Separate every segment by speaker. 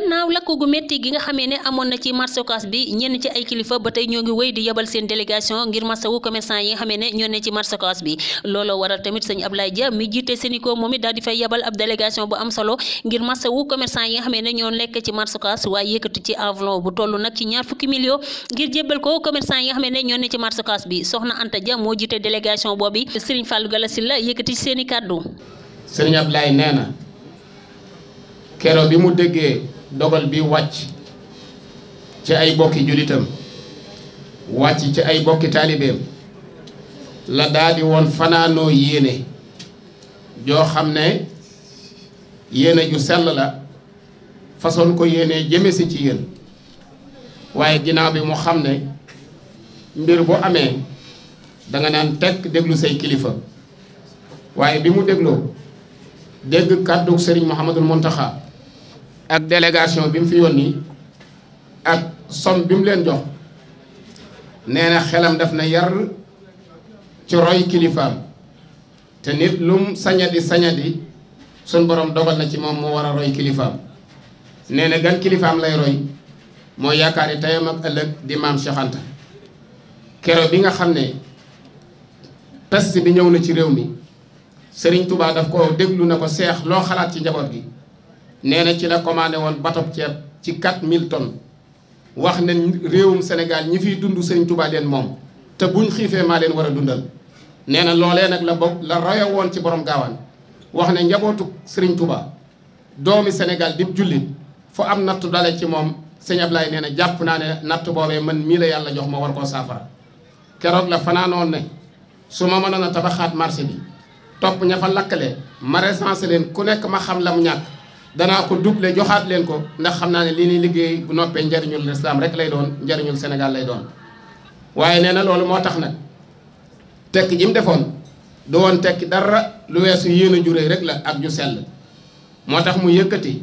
Speaker 1: gannaaw lakk gu métti gi nga xamee ne amoon na ci marché Ocass bi ñenn ci ay kilifa ba tey ñoo ngi wéy di yebal seen délégation ngir masawu commerçant yi nga xamee ne ñoo ne ci marché Ocass bi looloo waral tamit sëñ Ablaye Dia mi jiite Sénico moom it fay yebal ab délégation bu am solo ngir masawu commerçant yi nga xamee ne ñoo lekk ci marché Ocass waaye yëkkati ci enveloppe bu toll nag ci ñaar fukki millions ngir jébbal ko commerçant yi nga xamee ne ñoo ne ci marché Ocass bi soxna Anta Dia moo jiite délégation boobu Serigne Fallou Galassi la yëkkati ci seen i kàddu. Serigne Ablaye nee na keroog bi mu déggee dogal bi wàcc ci ay bokki jullitam wàcc ci ay bokki taalibeem la daldi woon fanaanoo yéene joo xam ne yéene ju sell la façon ko yéene jëme si ci yéen waaye ginnaaw bi mu xam ne mbir bu amee danga naan tekk déglu say kilifa waaye bi mu dégloo dégg kàddu Serigne Mouhamadul Mountakha ak délégation bi mu fi yónni ak somme bi mu leen jox nee na xelam daf na yar ci roy kilifaam te nit lum sañadi sañadi suñ borom dogal na ci moom moo war a roy kilifaam nee na gan kilifaam lay roy mooy yaakaari tayam ak ëllëg di maam Cheikh kero bi nga xam ne peste bi ñëw na ci réew mi Sëriñ Tuubaa daf ko déglu na ko seex loo xalaat ci njaboot gi nee na ci la commandé woon batob ceeb ci 4000 tonnes wax ne réewum Sénégal ñi fiy dund Sëriñ Tuubaa leen moom te buñ xiifee maa leen war a dundal nee na loolee nag la bokk la royo woon ci boroom gaawaan wax ne njabootu Sëriñ Tuubaa doomi Sénégal di jullit fu am nattu dale ci moom sëñ Ablaye nee na jàpp naa ne natt boobee mën mii la yàlla jox ma war koo saafara keroog la fanaanoon ne su ma mënoon na tabaxaat marché bi topp ña fa lakkale ma leen ku nekk ma xam la mu danaa ko dugle joxaat leen ko ndax xam naa ne lii ñuy liggéey bu noppee njariñul lislaam rek lay doon njariñul Sénégal lay doon waaye nee na loolu moo tax nag tekki ji mu defoon du woon tekki dara lu weesu yéen a juree rek la ak ju sell moo tax mu yëkkati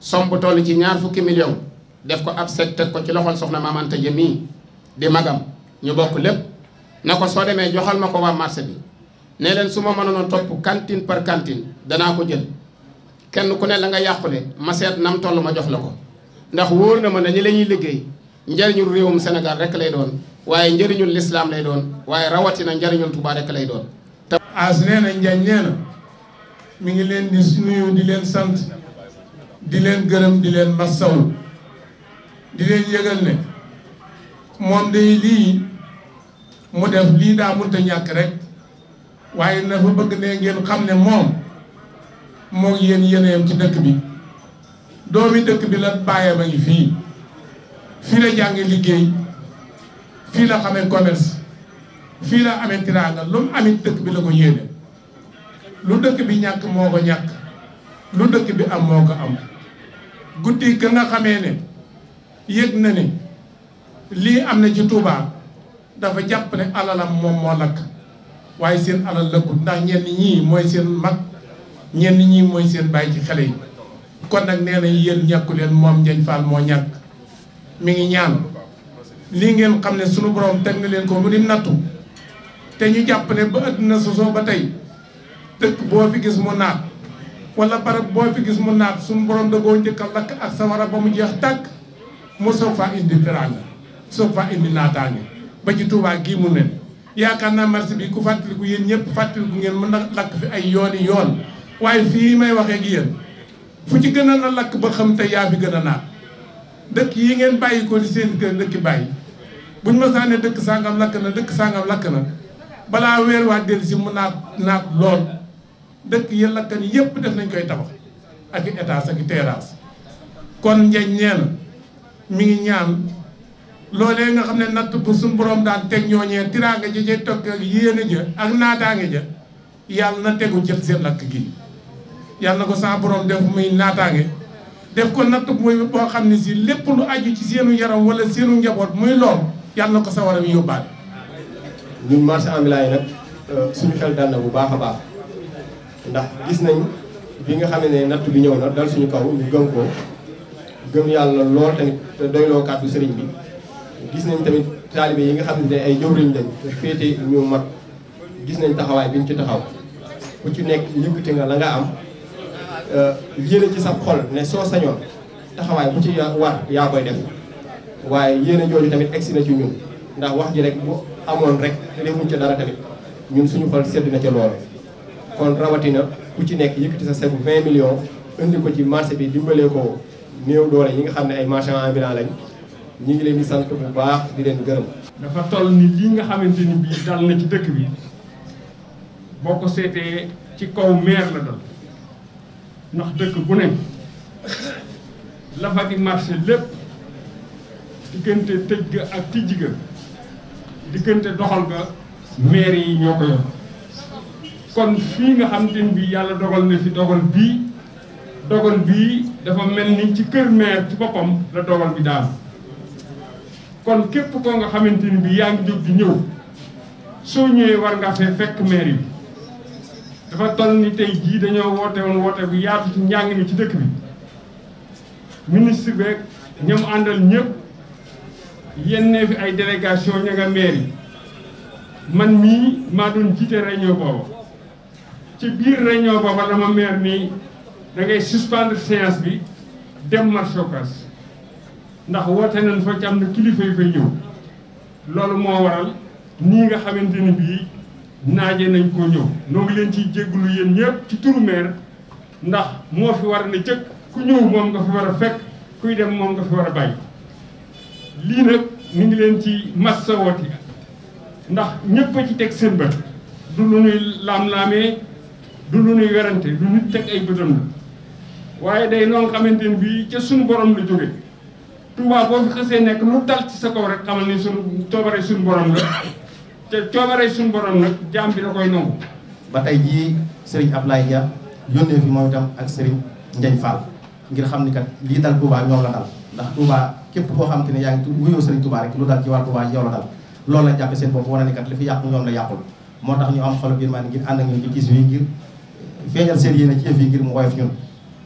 Speaker 1: somb toll ci ñaar fukki million def ko ab set teg ko ci loxol soxna Maam Anta Dia mii di magam ñu bokk lépp na ko soo demee joxal ma ko waa marché bi ne leen su ma mënoon a topp cantine par cantine danaa ko jël kenn ku ne la nga yàqule ma seet nam toll ma jox la ko ndax wóor na ma ne ñi la ñuy liggéey njëriñul réewum Sénégal rek lay doon waaye njëriñul lislaam lay doon waaye rawatina njëriñul Tuubaa rek lay doon
Speaker 2: as nee na njañ nee na mi ngi leen di nuyu di leen sant di leen gërëm di leen masawu di leen yëgal ne moom day lii mu def lii daa mënta ñàkk rek waaye na fa bëgg ne ngeen xam ne moom moom yéen yéen ci dëkk bi doomi dëkk bi la bàyyam a ngi fii fii la jàngi liggéey fii la xamee commerce fii la amee tiraanga lu mu amit dëkk bi la ko yéene lu dëkk bi ñàkk moo ko ñàkk lu dëkk bi am moo ko am guddi ga nga xamee ne yëg na ne lii am na ci Touba dafa jàpp ne alalam moom moo lakk waaye seen alal lëkkul ndax ñenn ñii mooy seen mag ñenn ñi mooy seen bàyyi ci xale yi kon nag nee nañ yéen ñàkku leen moom njañ Fall moo ñàkk mi ngi ñaan lii ngeen xam ne sunu borom teg na leen ko mu di nattu te ñu jàpp ne ba àdduna sosoo ba tey dëkk boo fi gis mu naat wala barab boo fi gis mu naat sunu borom dagoo njëkk a lakk ak sawara ba mu jeex tàkk mu soog faa indi teraanga soog faa indi naataange ba ci Tuubaa gii mu ne yaakaar naa marché bi ku fàttaliku yéen ñëpp fàttaliku ngeen mën a lakk fi ay yooni yoon waaye fii may waxee ak yéen fu ci gën a lakk ba xam te yaa fi gën naat dëkk yi ngeen bàyyi ko di seen kër dëkki bàyyi buñ ma saane dëkk sàngam lakk na dëkk sàngam lakk na balaa weer waa dellu si mu naat naat lool dëkk yi lakkan yépp def nañ koy tabax ak i étage ak i terrasse kon njeñ nee mu ngi ñaan loolee nga xam ne natt bu suñu borom daan teg ñooñee tiraanga ji ca tokk ak yéene ja ak naataange ja yàlla na tegu jël seen lakk gi yàlla ko sa borom def muy naataange def ko natt muy boo xam ne si lépp lu aju ci seenu yaram wala seenu njaboot muy lool yàlla na ko sa waram yóbbaale. ñun marché ambulant yi nag
Speaker 3: euh, suñu xel dal bu baax a baax ndax gis nañ bi nga xam ne natt ñëw na dal suñu kaw ñu gëm ko gëm yàlla lool tamit te doyloo kàddu sëriñ bi gis nañ tamit taalibe yi nga xam ne ay jëwriñ lañ te féete ñu mat gis nañ taxawaay biñ ci taxaw ku ci nekk yëkkati la nga am. Euh, yéene ci sa xol ne soo sañoon taxawaay bu ci war yaa koy def waaye yéene jooju tamit egsi na ci ñun ndax wax ji rek bu amoon rek mu ca dara tamit ñun suñu xol sedd na ca loolu kon rawatina ku ci nekk yëkkati sa sebu vingt millions indi ko ci marché bi dimbalee ko néew doole yi nga xam ne ay marchands ambulants lañ ñu ngi leen di sant bu baax di leen gërëm.
Speaker 4: dafa toll ni lii nga xamante ni bii dal na ci dëkk bi boo ko seetee ci kaw meer la dal ndax dëkk bu ne la fa di marché lépp diggante tëj ga ak tijji ga diggante doxal ga maire yi ñoo ko yor kon fii nga xam ne bi yàlla dogal na fi dogal bii dogal bii dafa mel ni ci kër maire ci boppam la dogal bi daal kon képp koo nga xamante ni bi yaa ngi jóg di ñëw soo ñëwee war nga fee fekk maire yi dafa toll ni tey jii dañoo woote woote bu yaatu ci njàng mi ci dëkk bi ministre beeg ñoom àndal ñëpp yennee fi ay délégation ña nga maire yi man mii maa doon jiite réunion booba ci biir réunion booba dama maire nii da ngay suspendre bi dem marché ndax woote nañ fa ci am na kilifa yu fay ñëw loolu moo waral nii nga xamante ni bii naaje nañ koo ñëw noo leen ciy jéggulu yéen ñëpp ci turu ndax moo fi war na jëkk ku ñëw moom nga fi war a fekk kuy dem moom nga fi war a bàyyi lii nag ñu ngi leen ci massa wooti ndax ñëpp ci teg seen bët du lu nuy laam-laamee du lu nuy werante lu nit teg ay bëtam la waaye day noonu xamante bii ca suñu boroom la jóge Touba boo fi xasee nekk lu dal ci sa kaw rek xamal ni suñu coobare suñu borom la te coobare suñu borom nag jaam bi
Speaker 3: da koy nangu. ba tey jii Serigne Ablaye Dia yónnee fi moom itam ak sëriñ Ndiagne Fall ngir xam ni kat lii dal Touba ñoom la dal ndax Touba képp koo xam ne yaa ngi wuyoo Serigne ci waa Touba yow la dal loolu la jàppe seen bopp wane ni kat li fi yàqu ñoom la yàqul moo tax ñu am xolu biir maa ngir ànd ak ñun ci tiis wi ngir feeñal seen yéene ci yëf yi ngir mu woyof ñun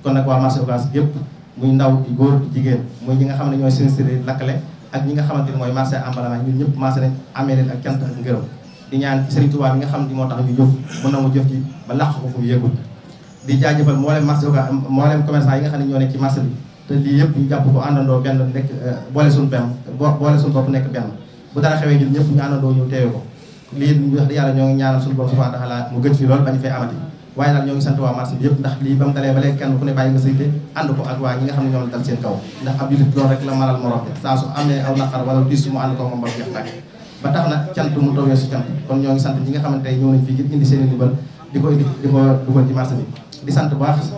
Speaker 3: kon nag waa marché Ocass yëpp muy ndaw di góor di jigéen muy ñi nga xam ne ñooy sinistré lakkale ak ñi nga xamante ni mooy marché ambalama ñun ñëpp marché nañ amee leen ak cant ak di ñaan Serigne Touba mi nga xam ni moo tax ñu jëf mën na mu jëf ci ba làq ko fu yëgul di jaajëfal mboolem marché mboolem commerçant yi nga xam ne ñoo nekk ci marché bi te lii yëpp ñu jàpp ko àndandoo benn nekk euh, boole suñu benn boole suñu bopp nekk benn bu dara xewee ñun ñëpp ñu àndandoo ñu teewe ko lii wax di yàlla ñoo ngi ñaanal suñu bopp subhanahu wa taala mu waaye nag ñoo ngi sant waa marché bi yëpp ndax lii ba mu dalee ba léegi kenn ku ne bàyyi nga sayte ànd ko ak waa ñi nga xam ne ñoom la dal seen kaw ndax ab jullit loolu rek la maral morom saa su amee aw naqar wala diis mu ànd ko moom ba jeex ba tax na cant mu tawee su cant kon ñoo ngi sant di ko indi di ko dugal ci marché bi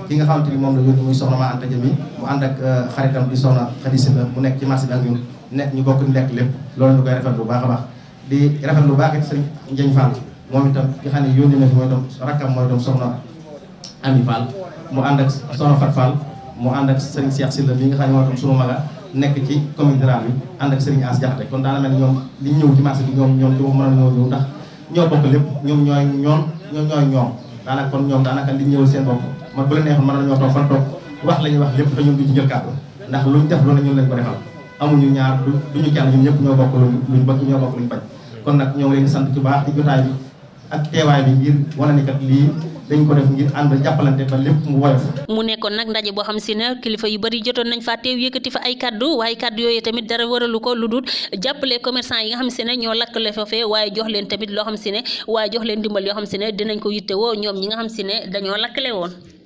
Speaker 3: di nga xamante ni moom la yónni muy soxna maa Anta Jami mu ànd ak euh, xaritam di soxna Xadisi la mu nekk ci marché bi ak ñun nekk ñu bokk lekk lépp loolu ñu koy bu baax a rafet bu baax it sëñ Njëñ Fall moom itam ki xam ne yónni na fi mooy doom rakkam mooy doom soxna Ami Fall mu ànd ak soxna Fat Fall mu ànd ak Serigne Cheikh Sylla mi nga xam ne mooy doom sunu maga nekk ci commune rurale bi ànd ak Serigne As Jaxate kon li ñëw ci marché bi ñoom ñoom ci mën a ñëw ñoo bokk lépp ñoom ñooy ñoom ñoom ñooy ñoom daanaka kon ñoom daanaka li ñëwal seen bopp man bu la neexoon mën nañoo toog fan toog wax la ñuy wax lépp te ñun duñ ci jël kàddu ndax luñ def loolu ñun lañ ko defal amuñu ñaar duñu kenn ñun ñëpp ñoo bokk luñ luñ bokk luñ bañ kon nag ñoo leen sant ci baax ci jotaay bi ak teewaay bi ngir wane ni lii dañ ko def ngir ànd jàppalante ba lépp mu woyof
Speaker 1: mu nekkoon nag ndaje boo xam si ne kilifa yi bari jotoon nañ fa teew yëkkati fa ay kaddu waaye kaddu yooyu tamit dara waralu ko lu dul jàppale commerçant yi nga xam si ne ñoo lakkale foofee waaye jox leen tamit loo xam si ne waaye jox leen dimbal yoo xam si ne dinañ ko yittewoo ñoom ñi nga xam si ne dañoo lakkale woon